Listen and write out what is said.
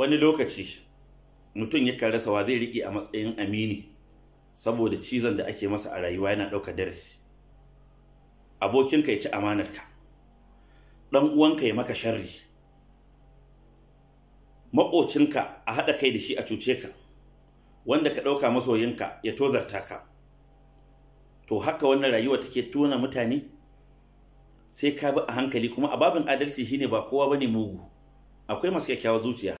wani lokaci mutum ya rasa wa zai riƙe a matsayin amini saboda cizon da ake masa a rayuwa yana ɗauka darasi abokinka ya ci amanarka ɗan uwanka ya maka sharri maƙocinka a haɗa kai da shi a cuce ka wanda ka ɗauka masoyinka ya tozarta ka to haka wannan rayuwa take tona mutane sai ka bi a hankali kuma a babin adalci shine ba kowa ba bane mugu akwai masu kyakkyawar zuciya